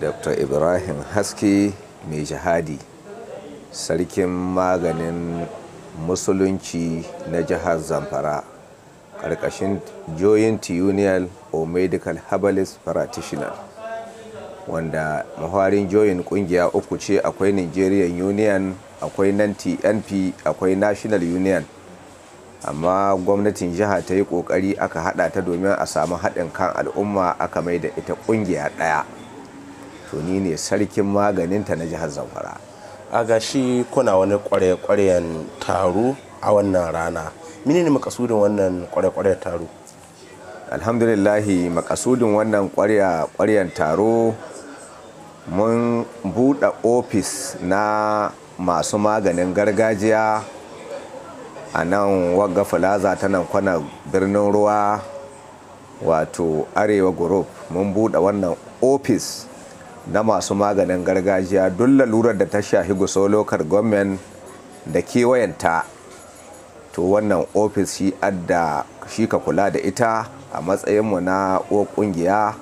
dr ibrahim haske mai jihadi sarkin maganin musulunci na jihar zamfara ƙarƙashin joint union of medical herbalist practitioner wanda mahwarin joint ƙungiya uku ce akwai nigerian union akwai nan tnp akwai national union amma gwamnatin jiha ta yi kokari aka haɗa ta domin a samu haɗin kan al'umma aka mai da ita ƙungiya ɗaya to ni ne sarkin maganinta na jihar zamfara a gashi kuna wani kware-kwaren taro a wannan rana mini ne makasudin wannan kware-kwaren taro alhamdulillahi makasudin wannan kware kware taro mun buɗe ofis na masu maganin gargajiya a nan wagga falaza ta nan kwana birnin ruwa wato arewa group mun buɗe wannan ofis na masu maganin gargajiya duk lalurar da ta shahi guso lokar gwamnan da kewayenta to wannan ofis shi adda shi ka kula da ita a matsayinmu na ƙungiya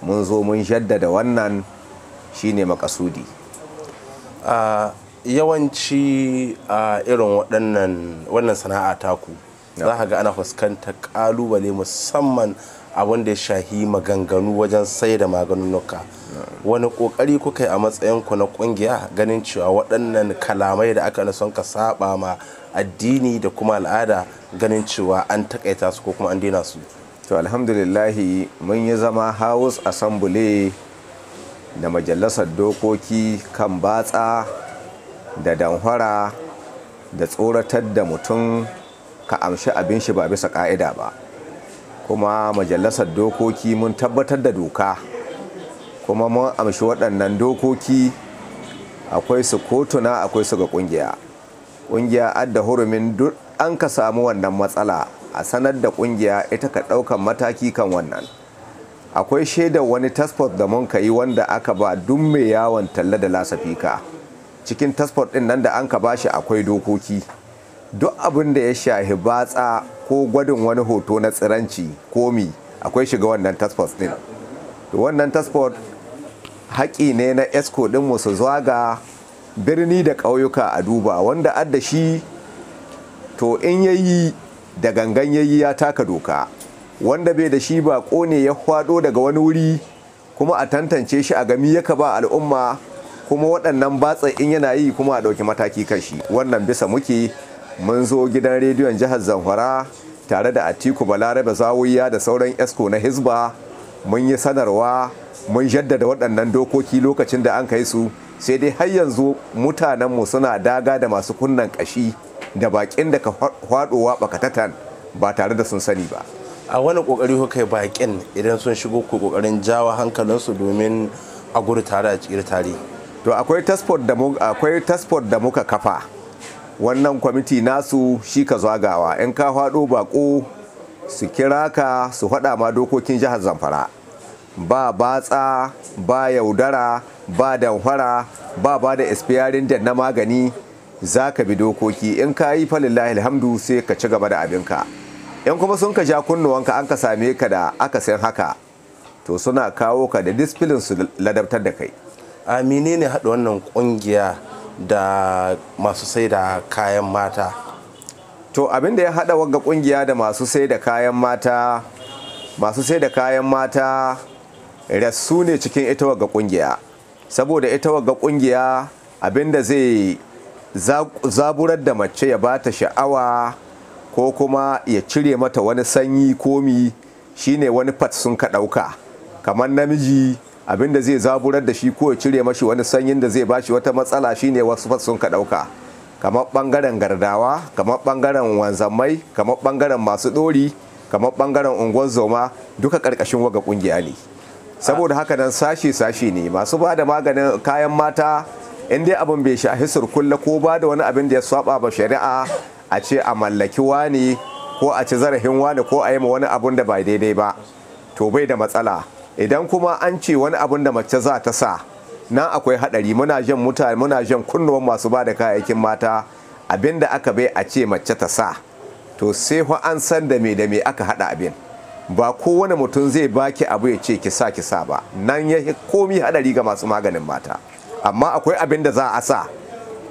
mun zo mun jaddada wannan shine makasudi yawanci a irin wannan sana'a taku za ka ga ana fuskantar ƙalubale musamman abin da ya shahi maganganu wajen sai da maganunuka wani kokari kuka yi a matsayinku na kungiya ganin cewa waɗannan kalamai da aka nason ka saba ma addini da kuma al'ada ganin cewa an takaita su ko kuma an dina su to alhamdulillahi mun yi zama house assembly da majalisar dokoki kan batsa da danhwara da tsoratar da mutum ka amshi abin shi ba bisa ka'ida ba kuma majalisar dokoki mun tabbatar da doka kuma mun amshi waɗannan dokoki akwai su kotuna akwai su ga ƙungiya ƙungiya adda hurumin duk an ka samu wannan matsala a sanar da ƙungiya ita ka ɗaukan mataki kan wannan akwai shaidar wani tasfot da mun ka yi wanda aka ba duk mai yawon talla da lasafika cikin tasfot ɗin nan da an ka bashi akwai dokoki duk abin da ya shahi batsa ko gwadin wani hoto na tsiranci komi akwai shiga wannan tasfot din wannan tasfot haƙi ne na esco ɗinmu su zaga birni da ƙauyuka a duba wanda adda shi to in yayi da gangan yayi ya taka doka wanda bai da shi ba ne ya hwado daga wani wuri kuma a tantance shi a gami yaka ba al'umma kuma waɗannan batsa in yana yi kuma a ɗauki mataki kan shi wannan bisa muke mun zo gidan rediyon jihar zamfara tare da atiku balarabe zawuya da sauran esko na hisba mun yi sanarwa mun jaddada waɗannan dokoki lokacin da an kai su sai dai har yanzu mutanenmu suna daga da masu kunnan kashi da baƙin da ka faɗowa bakatatan ba tare da sun sani ba a wani ƙoƙari kai baƙin idan sun shigo ku kokarin jawo hankalinsu domin a gudu tare a cikin tare to akwai tasfot da muka kafa wannan kwamiti nasu shi ka zagawa in ka faɗo bako su kira ka su faɗa ma dokokin jihar zamfara ba batsa ba yaudara ba damfara ba ba da espiyarin da na magani za ka bi dokoki in ka yi falillahi alhamdu sai ka ci gaba da abinka in kuma sun ka ja kunnuwanka an ka same ka da aka sayan haka to suna kawo ka da disfilin su ladabtar da kai Amine ne haɗa wannan ƙungiya da masu sai da kayan mata to abin da ya hada wagga kungiya da masu sai da kayan mata masu sai da kayan mata rassu ne cikin ita wagga kungiya saboda ita wagga kungiya abin da zai zaburar da mace ya bata sha'awa ko kuma ya cire mata wani sanyi komi shine wani fat sun ka ɗauka kamar namiji abin da zai zaburar da shi ko ya cire mashi wani sanyin da zai ba shi wata matsala shi ne wasu sun ka ɗauka kamar bangaren gardawa kamar bangaren wanzamai kamar bangaren masu ɗori kamar bangaren unguwar zoma duka karkashin waga kungiya ne saboda haka nan sashe-sashe ne masu ba da maganin kayan mata in dai abin bai shahi surkulla ko ba da wani abin da ya saba ba shari'a a ce a mallaki wani ko a ci zarafin wani ko a yi ma wani abun da ba daidai ba to bai da matsala idan kuma an ce wani abin da mace za ta sa na akwai hadari muna jan mutane muna jan kunnuwan masu ba da kayayyakin mata abin da aka bai a ce mace ta sa to sai fa an san da me da me aka hada abin ba kowane mutum zai baki abu ya ce ki sa ki sa ba nan ya komi hadari ga masu maganin mata amma akwai abin da za a sa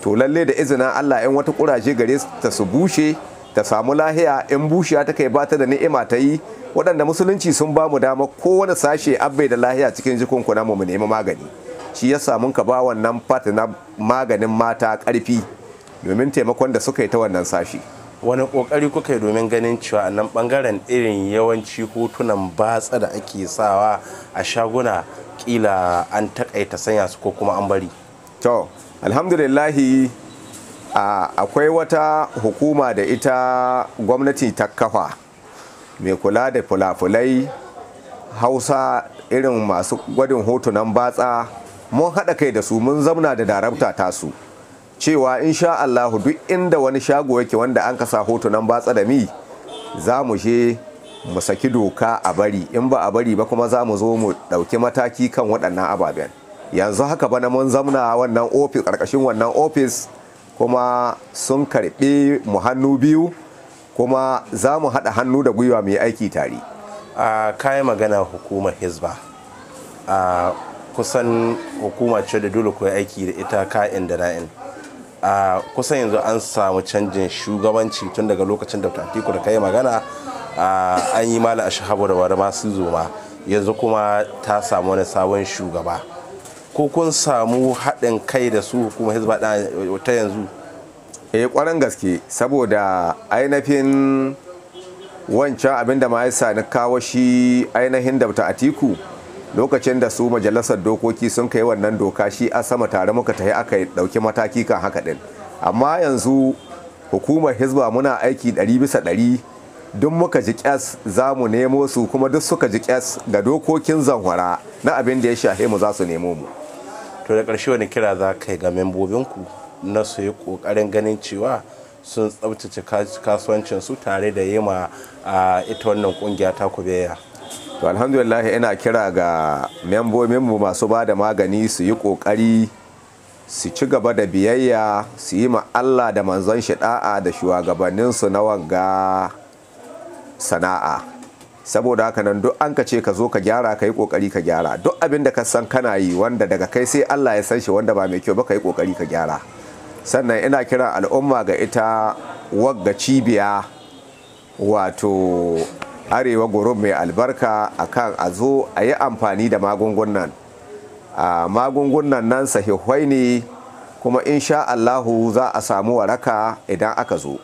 to lalle da izinin Allah in wata kuraje gare ta su bushe ta samu lahiya in bushiya ta kai bata da ni'ima ta yi waɗanda musulunci sun ba mu dama kowane sashe abbe da lahiya cikin jikunku na mu mu nemi magani shi ya samun ka ba wannan fata na maganin mata ƙarfi domin taimakon da suka yi ta wannan sashe. wani kokari kuka yi domin ganin cewa nan bangaren irin yawanci hotunan batsa da ake sawa a shaguna kila an takaita sanya su ko kuma an bari to alhamdulillahi akwai wata hukuma da ita gwamnati ta kafa mai kula da fulafulai hausa irin masu gwadin hotunan batsa mun haɗa kai da su mun zamna da darabta su. cewa insha Allah duk inda wani shago yake wanda an kasa hotunan batsa da mi za mu je mu saki doka a bari in ba a bari ba kuma za mu zo mu ɗauki mataki kan waɗannan ababen yanzu haka ba na mun zamna wannan ofis ƙarƙashin wannan ofis kuma sun karɓe mu hannu biyu kuma za mu haɗa hannu da gwiwa mai aiki tare a kayan magana hukumar Hisba. a kusan hukuma ce da dole kuwa aiki da ita ka'in da na'in a kusan yanzu an samu canjin shugabanci tun daga lokacin da tatiku da kai magana an yi mala a shahabu da masu zoma yanzu kuma ta samu wani sabon shugaba ko kun samu haɗin kai da su hukumar hizba ta yanzu eh kwaran gaske saboda ainihin wancan abin da ma'aisa na kawo shi ainihin da ta atiku lokacin da su majalisar dokoki sun kai wannan doka shi a sama tare muka tafi aka ɗauki mataki kan haka ɗin amma yanzu hukumar hizba muna aiki ɗari bisa ɗari duk muka ji kyas za mu nemo su kuma duk suka ji kyas ga dokokin zanwara na abin da ya shahe mu za su nemo mu to da ƙarshe wani kira za ka yi ga membobinku na su yi ƙoƙarin ganin cewa sun tsabtace kasuwancinsu tare da yi ma ita wannan ƙungiya ta kubeya to alhamdulillah ina kira ga membobinmu masu ba da magani su yi ƙoƙari su ci gaba da biyayya su yi ma Allah da manzon shi da'a da shugabanninsu na wanga sana'a saboda haka nan duk an ka ce ka zo ka gyara ka yi kokari ka gyara duk abin da ka san kana yi wanda daga kai sai Allah ya san shi wanda ba mai kyau ba ka yi kokari ka gyara sannan ina kiran al'umma ga ita wagga cibiya wato arewa goro mai albarka akan a zo a yi amfani da magungunan magungunan nan sahihwai ne kuma insha Allahu za a samu waraka idan aka zo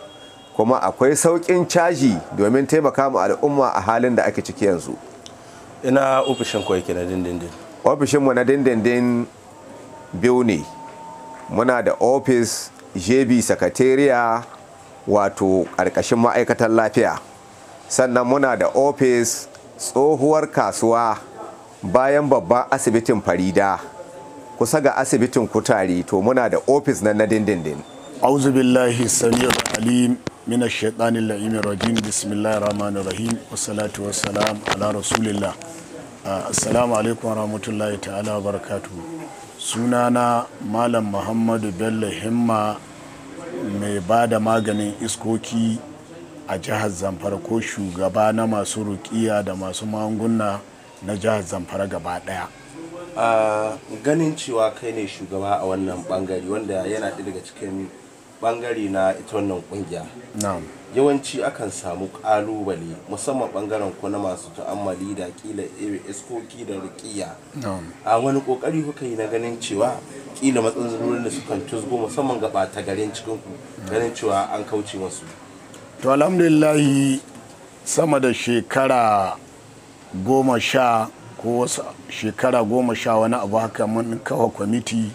kuma akwai sauƙin caji domin taimaka ma al'umma a halin da ake ciki yanzu ina ofishin ku yake na dindindin ofishinmu na dindindin biyu ne muna da ofis jb sakatariya wato ƙarƙashin ma'aikatan lafiya sannan muna da ofis tsohuwar kasuwa bayan babban asibitin farida kusa ga asibitin kutare to muna da ofis na na dindindin أعوذ بالله السميع العليم من الشيطان اللعين الرجيم بسم الله الرحمن الرحيم والصلاة والسلام على رسول الله السلام عليكم ورحمة الله تعالى وبركاته sunana malam muhammadu bello himma mai ba da maganin iskoki a jihar zamfara ko shugaba na masu rukiya da masu magunguna na jihar zamfara gaba daya ah, ganin cewa kai ne shugaba a wannan bangare wanda yana daga cikin bangare na ita wannan kungiya yawanci akan samu kalubale musamman bangaren ku na masu ta'ammali da kila iskoki da rikiya a wani kokari kuka yi na ganin cewa kila matsalolin da sukan tusgo musamman gaba ta garin cikin ku ganin cewa an kauce masu to alhamdulillah sama da shekara goma sha ko shekara goma sha wani abu haka mun kawo kwamiti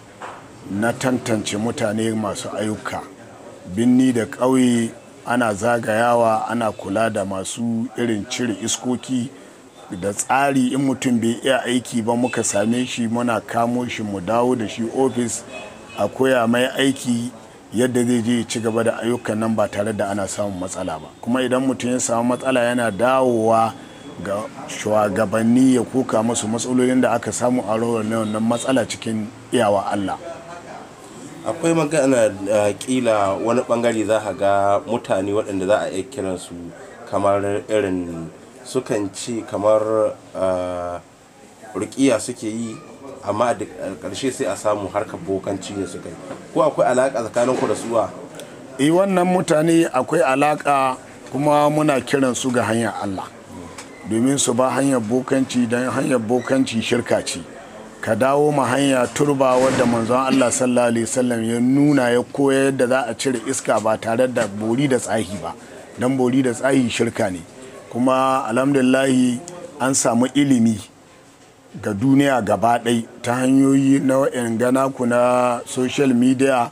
na tantance mutane masu ayyuka binni da ƙauye ana zagayawa ana kula da masu irin cire iskoki da tsari in mutum bai iya aiki ba muka same shi muna kamo shi mu dawo da shi ofis a koya mai aiki yadda zai je ci gaba da ayyukan nan ba tare da ana samun matsala ba kuma idan mutum ya samu matsala yana dawowa ga shugabanni ya kuka musu matsalolin da aka samu a rawar na matsala cikin iyawa Allah akwai magana da kila wani bangare za ka ga mutane waɗanda za a iya kiransu kamar irin sukan ce kamar ah, rukiya suke yi amma a ƙarshe sai a samu harkar bokanci ne suka yi ko akwai alaƙa tsakanin ku da suwa i eh, wannan mutane akwai alaƙa kuma muna kiransu ga hanyar allah domin su ba hanyar bokanci don hanyar bokanci shirka ce ka dawo ma hanya turba wadda manzon Allah sallallahu alaihi wasallam ya nuna ya koyar yadda za a cire iska ba tare da bori da tsahi ba dan bori da tsahi shirka ne kuma alhamdulillahi an samu ilimi ga duniya gaba ɗai ta hanyoyi na gana ku na social media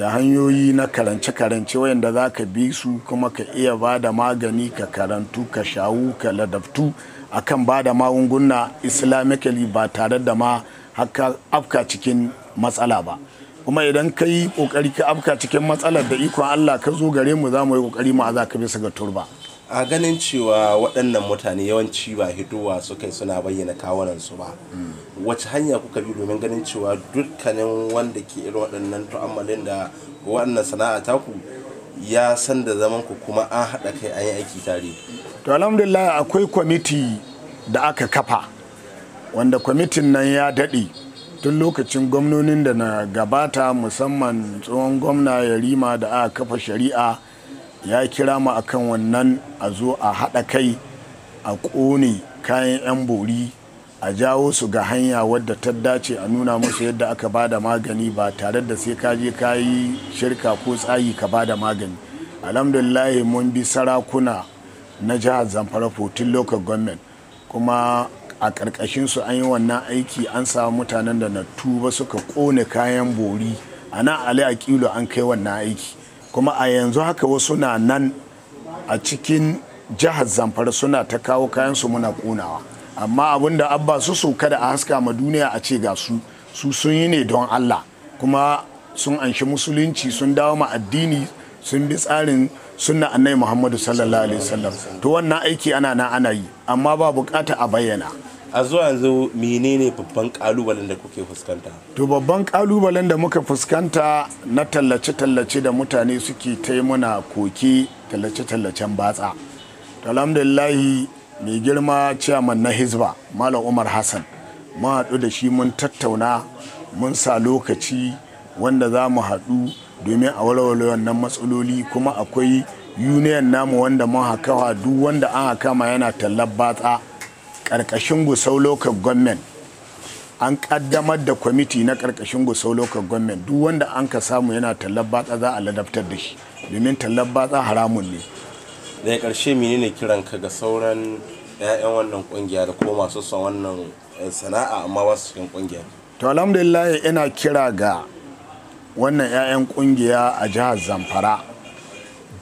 da hanyoyi na karance-karance wayanda za ka bi su kuma ka iya ba da magani ka karantu ka shawu ka ladabtu akan ba da magunguna islamically ba tare da ma haka afka cikin matsala ba kuma idan ka yi kokari ka afka cikin matsalar da ikon Allah ka zo gare mu za mu yi kokari mu za ka bisa ga turba a ganin cewa waɗannan mutane yawanci ba hidowa suka yi suna bayyana kawunansu ba wacce hanya kuka bi domin ganin cewa dukkanin wanda ke irin waɗannan tu'ammalin da waɗannan sana'a taku ya san da zaman ku kuma an haɗa kai an yi aiki tare to alhamdulillah akwai kwamiti da aka kafa wanda kwamitin nan ya daɗe tun lokacin gwamnonin da na gabata musamman tsohon gwamna yarima da aka kafa shari'a ya kira mu akan wannan a zo a haɗa kai a ƙone kayan 'yan bori a jawo su ga hanya wadda ta dace a nuna musu yadda aka ba da magani ba tare da sai ka je ka yi shirka ko tsayi ka ba da magani alhamdulillahi mun bi sarakuna na jihar zamfara fotin local government kuma a ƙarƙashin su an yi wannan aiki an samu mutanen da na tuba suka ƙone kayan bori a nan ali a kilo an kai wannan aiki kuma a yanzu haka wasu na nan a cikin jihar zamfara suna ta kawo kayan su muna ƙonawa amma abin da abba su so kada a haska ma duniya a ce ga su su sun yi ne don allah kuma sun anshi musulunci sun dawo ma addini sun bi tsarin sunna annai muhammadu sallallahu alaihi wasallam to wannan aiki ana nan ana yi amma ba bukata a bayyana a zuwa yanzu menene babban kalubalen da kuke fuskanta to babban kalubalen da muka fuskanta na tallace-tallace da mutane suke taimuna koke tallace-tallacen batsa alhamdulillahi mai girma ciyaman na hizba malam umar hassan mun haɗu da shi mun tattauna mun sa lokaci wanda za mu haɗu domin a walwale wannan matsaloli kuma akwai union namu wanda mun hakawa duk wanda an haka ma yana tallar batsa ƙarƙashin gusau local government an ƙaddamar da kwamiti na ƙarƙashin gusau local government duk wanda an ka samu yana tallar batsa za a ladabtar da shi domin tallar batsa haramun ne daga ƙarshe menene ka ga sauran 'ya'yan wannan kungiya da kuma masu son wannan eh, sana'a amma ba su cikin kungiya to alhamdulillah ina kira ga wannan 'ya'yan kungiya a jihar zamfara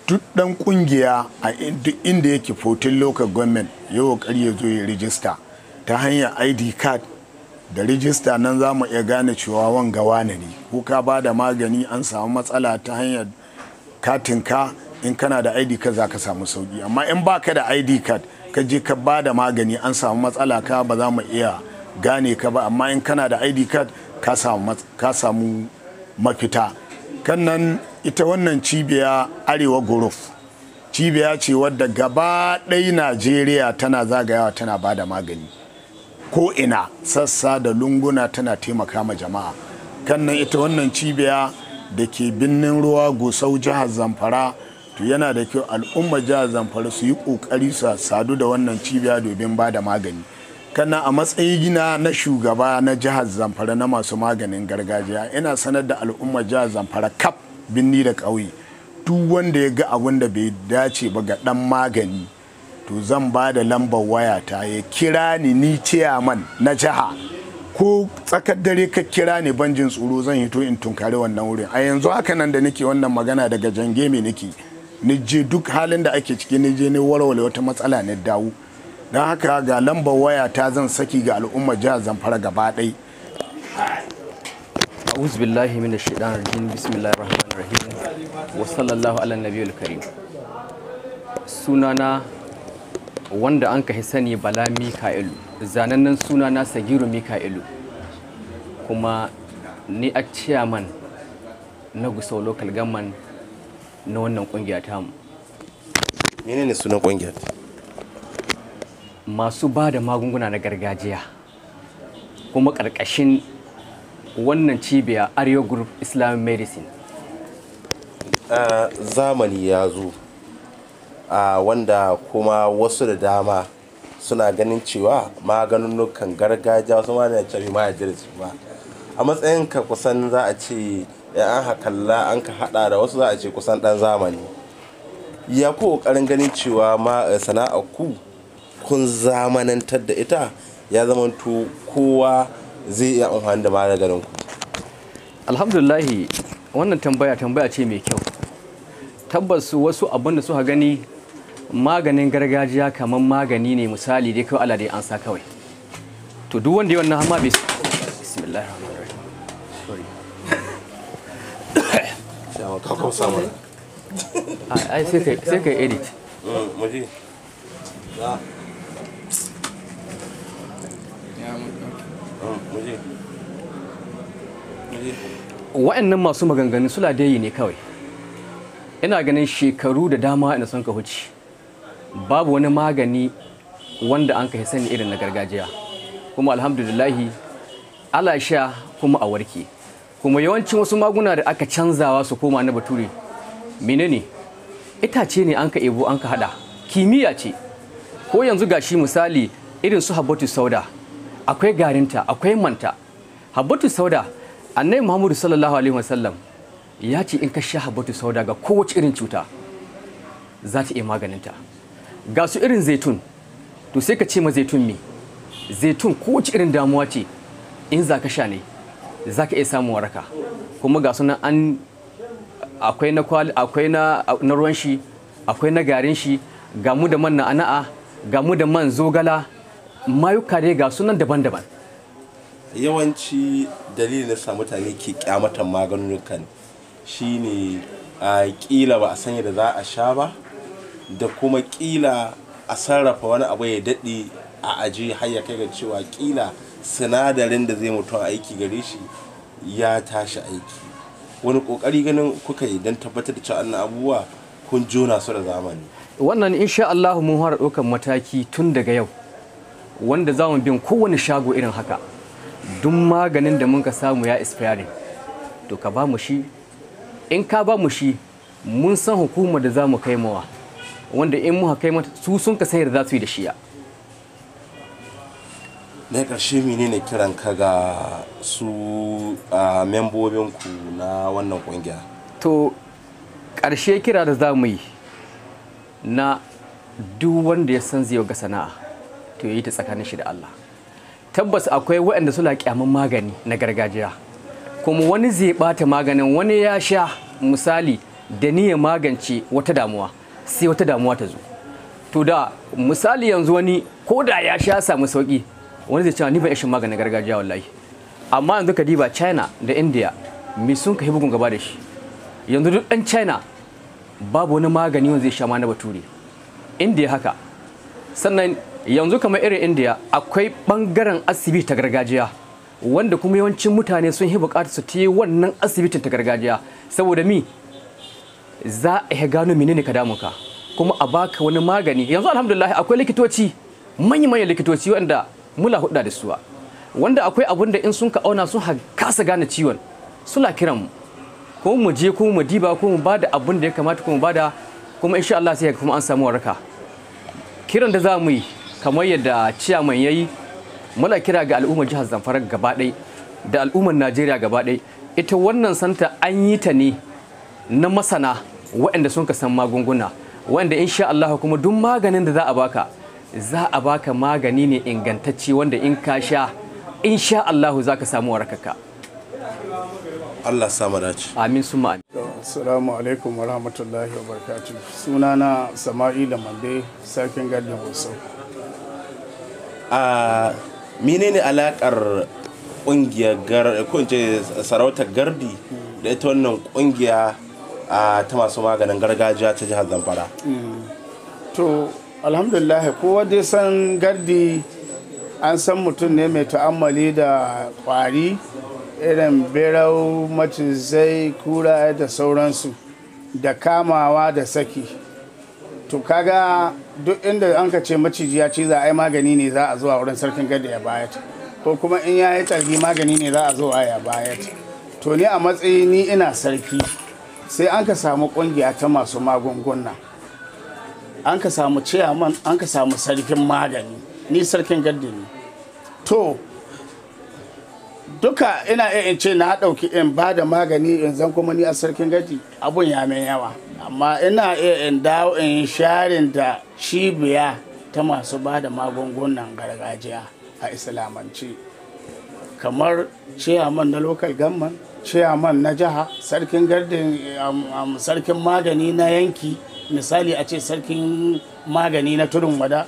duk dan kungiya a duk inda yake fotin local government ya kokari ya zo ya rijista ta hanyar id card da rijista nan za mu iya gane cewa wanga wane ne ko ka ba da magani an samu matsala ta hanyar katinka in kana da id card za ka samu sauki amma in ba ka da id card ka je ka ba da magani an samu matsala ka ba za mu iya gane ka ba amma in kana da id card ka samu mafita kan nan ita wannan cibiya arewa guruf cibiya ce wadda gaba ɗaya najeriya tana zagayawa tana ba da magani ko ina sassa da lunguna tana taimaka ma jama'a kannan ita wannan cibiya da ke birnin ruwa gusau jihar zamfara to yana da kyau al'ummar jihar zamfara su yi ƙoƙari su sadu da wannan cibiya domin ba da magani kana a matsayin gina na shugaba na jihar zamfara na masu maganin gargajiya ina sanar da al'ummar jihar zamfara kaf binni da ƙauye duk wanda ya ga abin da bai dace ba ga ɗan magani to zan ba da lambar waya ta ya kira ni ni ciyaman na jiha ko tsakar dare ka kira ni banjin tsoro zan hito in tunkari wannan wurin a yanzu haka nan da nake wannan magana daga jange me nake ni je duk halin da ake ciki ni je ni warware wata matsala na dawo don haka ga lambar waya ta zan saki ga al'umma jihar zamfara gaba ɗaya a'udhu billahi minash shaitanir rajim bismillahir rahim wa sallallahu ala nabiyul karim sunana wanda an kahi sani bala mika'ilu zanannan sunana sagiru mika'ilu kuma ni a ciyaman na gusau local government na wannan kungiya mu. menene sunan kungiya masu ba da magunguna na gargajiya kuma karkashin wannan cibiya arewa group islamic medicine uh, zamani ya zo uh, wanda kuma wasu da dama suna ganin cewa maganunukan gargajiya wasu ma da cewa ma da su ba a matsayin ka kusan za a ce an hakalla an ka hada da wasu za a ce kusan dan zamani ya ku kokarin ganin cewa ma eh, sana'a ku kun zamanantar da ita ya zamanto kowa zai iya amfani da maganin ku alhamdulillahi wannan tambaya tambaya ce mai kyau tabbas wasu abin da suka gani maganin gargajiya kamar magani ne misali dai kawai Allah dai an sa kawai to duk wanda ya wannan hama bai bismillah rahmanir rahim ai sai kai sai kai edit mm, muje mm, wa'annan masu maganganu sula dai ne kawai ina ganin shekaru da dama ina son ka huce babu wani magani wanda an ka sani irin na gargajiya kuma alhamdulillahi ala sha kuma a warke kuma yawancin wasu maguna da aka canzawa su koma na bature menene itace ne an ka ebo an ka hada kimiyya ce ko yanzu gashi misali irin su habbatu sauda akwai garinta akwai manta habbatu sauda annabi muhammadu sallallahu alaihi wasallam ya ce in ka sha habatu sauda ga kowace irin cuta za ta iya maganinta ga su irin zaitun to sai ka ce ma zaitun me zaitun kowace irin damuwa ce in za ka sha ne za ka iya samun waraka kuma ga sunan an akwai na akwai na ruwan shi akwai na garin shi ga mu da man na ana'a ga mu da man zogala mayuka dai ga sunan daban-daban yawanci dalilin da mutane ke kyamatan kan. shine a ƙila ba a sanya da za a sha ba da kuma ƙila a sarrafa wani abu ya daɗe a aji har ya kai ga cewa kila sinadarin da zai mutu aiki gare shi ya tashi aiki wani ƙoƙari ganin kuka yi don tabbatar da cewa annan abubuwa kun jona su da zamani wannan insha Allah mun fara ɗaukar mataki tun daga yau wanda za mu bin kowane shago irin haka duk maganin da mun ka samu ya expiring to ka ba mu shi in ka ba mu shi mun san hukumar da za mu kai mawa wanda in muka kai mata su sun ka san yadda za su yi da shiya na ƙarshe ne kiran ka ga su membobinku na wannan ƙungiya to karshe kira da za mu yi na duk wanda ya san zai ga sana'a to yi ta tsakanin shi da Allah tabbas akwai waɗanda suna kyaman magani na gargajiya kuma wani zai bata maganin wani ya sha misali da ni ya magance wata damuwa sai wata damuwa ta zo to da misali yanzu wani ko da ya sha samu sauki wani zai cewa ni ban ishin maganin gargajiya wallahi amma yanzu ka diba china da india me sun ka bugun gaba da shi yanzu duk dan china babu wani magani wanda zai sha ma na bature india haka sannan yanzu kamar irin india akwai bangaren asibiti ta gargajiya wanda kuma yawancin mutane sun yi bukatar su ta wannan asibitin ta gargajiya saboda mi za a yi gano menene ka damu ka kuma a baka wani magani yanzu alhamdulillah akwai likitoci manyan manyan likitoci wanda mula hudda da suwa wanda akwai abun da in sun ka auna sun kasa gane ciwon suna kiran mu ko mu je ko mu diba ko mu bada abun da ya kamata ko mu bada kuma insha Allah sai kuma an samu waraka kiran da za mu yi kamar yadda ciyaman yayi muna kira ga al'ummar jihar zamfara gaba ɗaya da al'ummar najeriya gaba ɗaya ita wannan santa an yi ta ne na masana waɗanda sun ka san magunguna wanda insha Allah kuma duk maganin da za a baka za a baka magani ne ingantacce wanda in ka sha insha Allah za ka samu warakaka Allah sama dace amin suma amin assalamu alaikum wa rahmatullahi wa barakatuh sunana Sama'ila Mande sarkin gadin Hausa a ah, menene alakar kungiyar ko ce sarautar gardi da ita wannan kungiya ta masu maganin gargajiya ta jihar zamfara mm. to alhamdulillah kowa dai san gardi an san mutum ne mai ta'ammali da kwari irin berau macizai kura da sauransu da kamawa da saki to kaga duk inda an ka ce maciji ya za a yi magani ne za a zuwa wurin sarkin gada ya bayar ko kuma in ya yi tarbi magani ne za a zo a ya bayar to ni a matsayi ni ina sarki sai an ka samu kungiya ta masu magunguna an ka samu ciyaman an ka samu sarkin magani ni sarkin gada ne to duka ina iya ce na ɗauki in ba da magani in zan kuma ni a sarkin gaji abun ya mai yawa amma ina iya in dawo in sharin da cibiya ta masu ba da magungunan gargajiya a islamance kamar ciyaman na local gamman ciyaman na jiha sarkin gardin um, um, sarkin magani na yanki misali a ce sarkin magani na tudun wada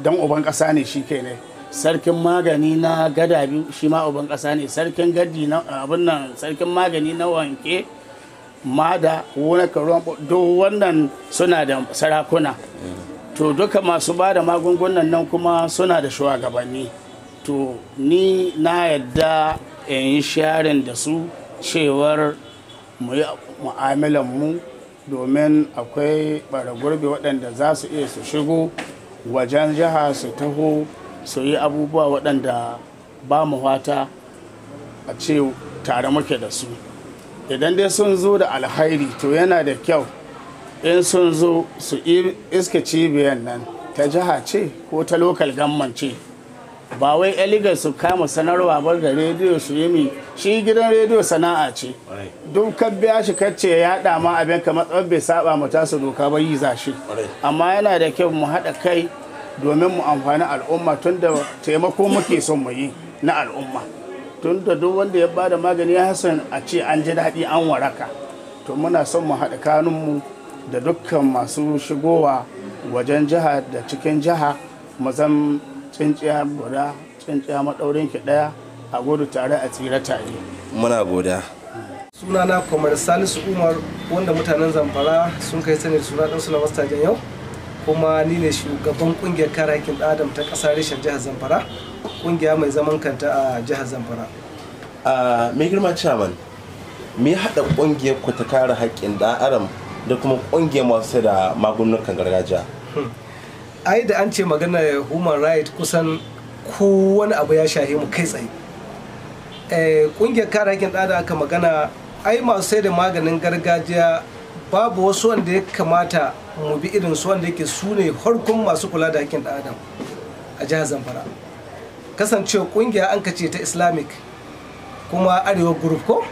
don uban ƙasa ne shi ke ne sarkin magani na gada biyu shi ma uban ƙasa ne sarkin gadi na abin nan sarkin magani na wanke mada wani karuwan do wannan suna da sarakuna to duka masu ba da magungunan nan kuma suna da shugabanni to ni na yadda in yi sharin da su cewar mu yi mu'amalan mu domin akwai ɓaragurbi waɗanda za su iya su shigo wajen jiha su taho su yi abubuwa waɗanda ba mu fata a ce tare muke da su idan dai sun zo da alhairi to yana da kyau in sun zo su iska cibiyar nan ta jiha ce ko ta lokal gamman ce ba wai eligar su kama sanarwa ba ga rediyo su yi mi shi gidan rediyo sana'a ce duk ka biya shi kacce ya dama abin kamar tsawon bai saba mu tasu doka ba yi zashi. amma yana da kyau mu haɗa kai domin mu amfani al'umma tun da taimako muke son mu yi na al'umma tun da duk wanda ya bada magani ya hasan a ce an ji daɗi an waraka to muna son mu haɗa kanunmu da dukkan masu shigowa wajen jiha da cikin jiha mazan tsinciya guda tsinciya maɗaurin ki ɗaya a gudu tare a tsira tare muna goda sunana kwamar salisu umar wanda mutanen zamfara sun kai sani suna ɗansu na wasta yau kuma ni ne shugaban kungiyar kare haƙƙin ɗan adam ta ƙasar reshen jihar zamfara kungiya mai zaman kanta a jihar zamfara a mai girma chairman me haɗa kungiyar ku ta kare haƙƙin ɗan adam da kuma kungiyar masu da magungunan gargajiya hmm. ai da an ce magana human right kusan wani abu ya shahe mu kai tsaye eh, kungiyar kare haƙƙin ɗan adam aka magana ai masu sai da maganin gargajiya babu wasu wanda ya kamata mu bi irin su wanda yake su ne harkun masu kula da hakkin ɗan adam a jihar zamfara kasancewa kungiya an kace ta islamic kuma arewa group ko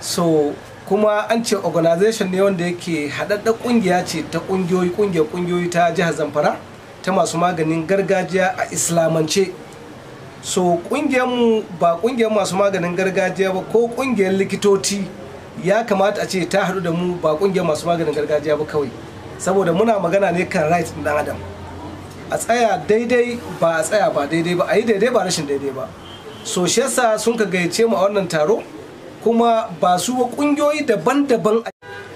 so kuma an ce organization ne wanda yake haɗaɗɗa ƙungiya ce ta ƙungiyoyi ƙungiyar ƙungiyoyi ta jihar zamfara ta masu maganin gargajiya a islamance so ƙungiyarmu ba ƙungiyar masu maganin gargajiya ba ko ƙungiyar likitoci ya kamata a ce ta haɗu da mu ba ƙungiyar masu maganin gargajiya ba kawai saboda muna magana ne kan right ɗin adam a tsaya daidai ba a tsaya ba daidai ba a yi daidai ba rashin daidai ba so shi yasa sun ka gayyace mu a wannan taro kuma ba su wa kungiyoyi daban-daban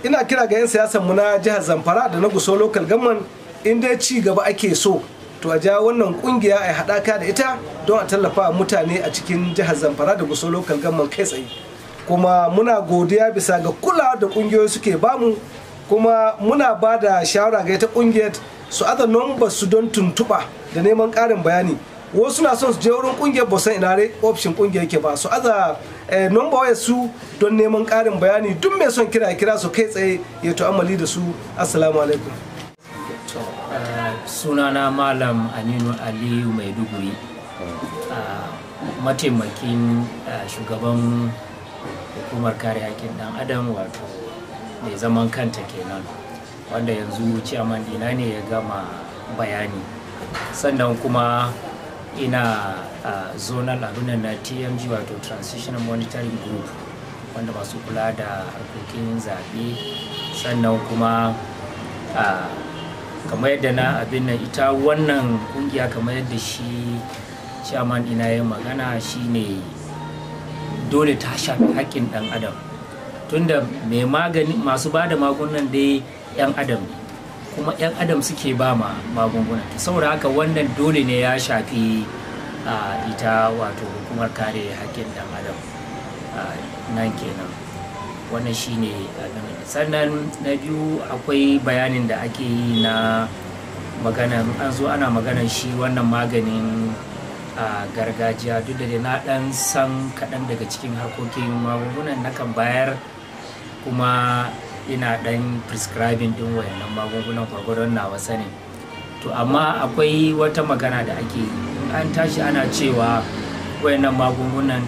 ina kira ga 'yan siyasar mu na jihar zamfara da na guso local government in dai ci gaba ake so to a ja wannan kungiya a haɗaka da ita don a tallafa mutane a cikin jihar zamfara da guso local government kai tsaye kuma muna godiya bisa ga kula da kungiyoyi suke bamu kuma muna ba da shawara ga ita kungiyar su aza nomba su don tuntuɓa da neman ƙarin bayani wasu na son su je wurin kungiyar bosan inare option kungiyar ke ba su aza eh, nomba waya su don neman karin bayani duk mai son kira kira su kai tsaye ya amali da su assalamu alaikum eh, sunana malam aminu aliyu maiduguri ah, mataimakin eh, shugaban hukumar kare haƙƙin dan adam wato mai zaman kanta kenan wanda yanzu ciyaman ina ne ya gama bayani sannan kuma ina a zonal abinan na tmg wato transitional monitoring group wanda masu kula da harkokin zaɓe sannan kuma a kamar yadda na abin nan ita wannan kungiya kamar yadda shi chairman ina yin magana shine dole ta shafi haƙƙin ɗan adam tunda mai magani masu ba da magunan dai 'yan adam kuma 'yan adam suke ba ma magunguna saboda haka wannan dole ne ya shafi ita wato hukumar kare haƙƙin dan adam nan kenan wannan shine sannan na biyu akwai bayanin da ake yi na magana. an zo ana maganar shi wannan maganin a gargajiya duk da na dan san kaɗan daga cikin harkokin magungunan na kan bayar kuma ina dan prescribing din wayannan magungunan na wasa ne to amma akwai wata magana da ake yi an tashi ana cewa wayannan magungunan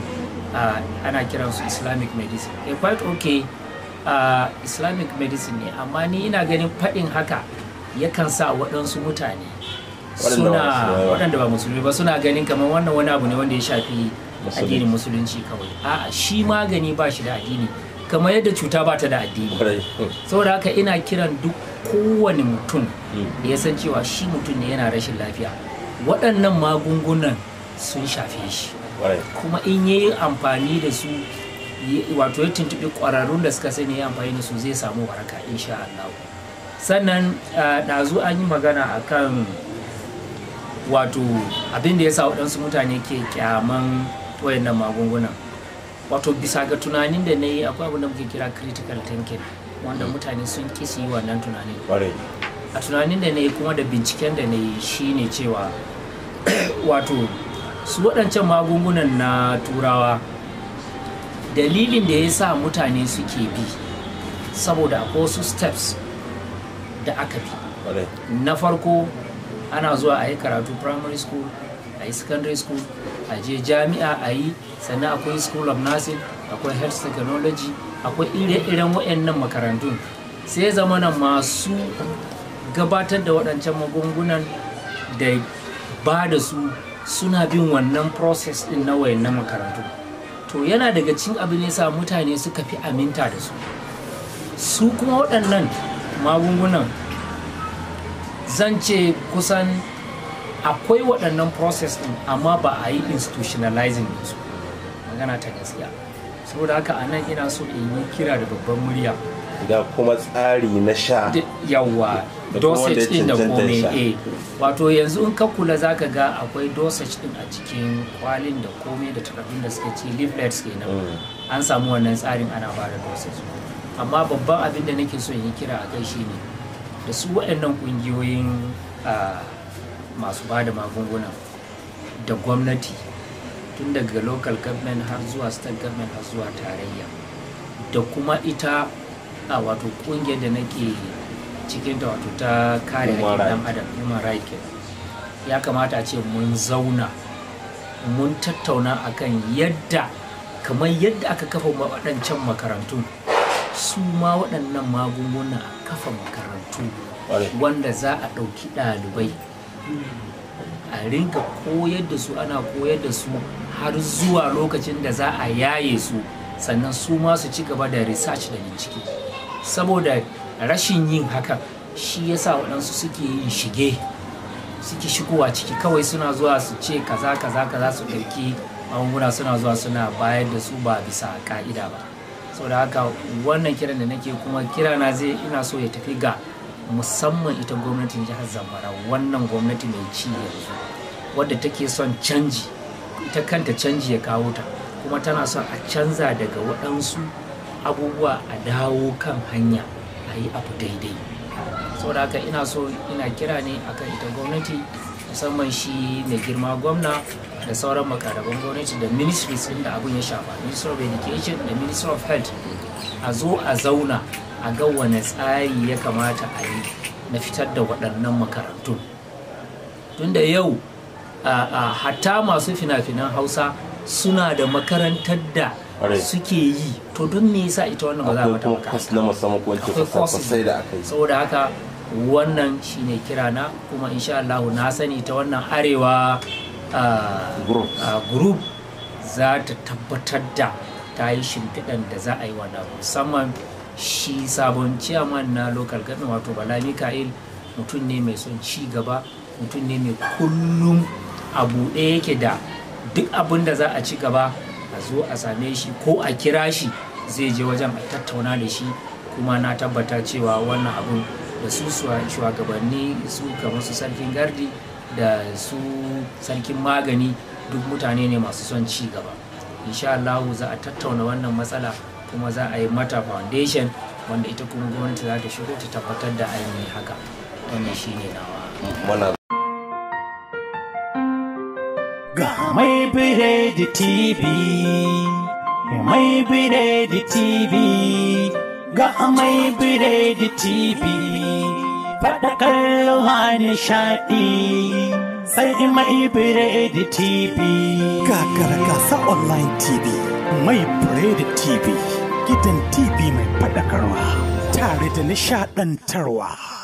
uh, ana kiransu islamic medicine e quite okay uh, islamic medicine ne amma ni ina ganin faɗin haka yakan sa waɗansu mutane suna waɗanda ba musulmi ba suna ganin kamar wannan wani abu ne wanda ya shafi addinin musulunci kawai a'a shi magani ba shi da addini kamar yadda cuta ba ta da addini saboda haka ina kiran duk kowane mutum da hmm. ya san cewa shi mutum ne yana rashin lafiya waɗannan magungunan sun shafe shi kuma in ya yi amfani da su wato ya tuntuɓi ƙwararrun da suka sani ya amfani da su zai samu waraka insha Allah sannan ɗazu an yi magana akan wato abin da ya sa waɗansu mutane ke kyaman wayannan magungunan wato bisa ga tunanin da na yi akwai abin da muke kira critical thinking wanda mm. mutane sun kisi yi wannan tunanin a tunanin da na yi kuma da binciken da na yi shi ne cewa wato su waɗancan magungunan na turawa dalilin da ya sa mutane suke bi saboda akwai wasu steps da aka bi na farko ana zuwa a yi karatu primary school a yi secondary school a je jami'a a yi sannan akwai school of nursing akwai health technology akwai ire-iren waɗannan makarantun sai zamana masu gabatar da waɗancan magungunan da ba da su suna bin wannan process ɗin na wayannan makarantu to yana daga cin abin sa mutane suka fi aminta da su su kuma waɗannan magungunan zan ce kusan akwai waɗannan process ɗin amma ba a yi institutionalizing su magana ta gaskiya saboda haka a nan ina so in yi kira da babban murya da kuma tsari na sha yawa dosage ɗin da komai a eh. wato yanzu in ka kula za ka ga akwai dosage ɗin a cikin kwalin da komai da takardun da suke ci leaflets kenan mm. an samu wannan tsarin ana ba da dosage amma babban abin da nake so in yi kira a kai ne da su waɗannan ƙungiyoyin ah, masu ba da magunguna da gwamnati tun daga local government har zuwa state government har zuwa tarayya da kuma ita a wato kungiyar da nake cikin ta wato ta kare dan adam human rights ya kamata a ce mun zauna mun tattauna akan yadda kamar yadda aka kafa waɗancan makarantu su ma waɗannan magunguna kafa makarantu wanda za a ɗauki ɗalibai a rinka koyar da su ana koyar da su har zuwa lokacin da za a yaye su sannan su ma su ci gaba da research da bincike saboda rashin yin hakan shi ya sa waɗansu suke yin shige suke shigowa ciki kawai suna zuwa su ce kaza kaza kaza su ɗauki magunguna suna zuwa suna bayar da su ba bisa ka'ida ba saboda haka wannan kiran da nake kuma kirana zai ina so ya tafi ga musamman ita gwamnatin jihar zamfara wannan gwamnati mai ci yanzu wadda take son canji ita kanta canji ya kawo ta kuma tana son a canza daga waɗansu abubuwa a dawo kan hanya a yi abu daidai saboda haka ina so ina kira ne akan ita gwamnati musamman shi mai girma gwamna da sauran makaraban gwamnati da ministries inda abin ya shafa ministry of education da ministry of health a zo a zauna a ga wane tsari ya kamata a yi na fitar da waɗannan makarantun tunda yau hata masu fina-finan hausa suna da makarantar da suke yi to don me yasa ita wannan ba za mata makaranta na da aka yi saboda haka wannan shine kira na kuma insha Allah na sani ta wannan arewa group za ta tabbatar da ta yi shimfiɗan da za a yi wannan musamman shi sabon chairman na local government wato bala mika'il mutum ne mai son ci gaba mutum ne mai kullum Abu buɗe yake da duk abin da za a ci gaba a zo a same shi ko a kira shi zai je wajen a tattauna da shi kuma na tabbata cewa wannan abun da su shugabanni su kamar su sarkin gardi da su sarkin magani duk mutane ne masu son ci gaba insha Allah za a tattauna wannan matsala kuma za a yi mata foundation wanda ita kuma gwamnati za ta shigo ta tabbatar da ainihin haka wannan shine nawa ga mai biredi tv mai biredi tv ga mai biredi tv faɗakar ruwa nishaɗi sai mai biredi TV. Kakara gasa online TV, mai biredi TV. gidan TV mai faɗakarwa tare da nishaɗantarwa.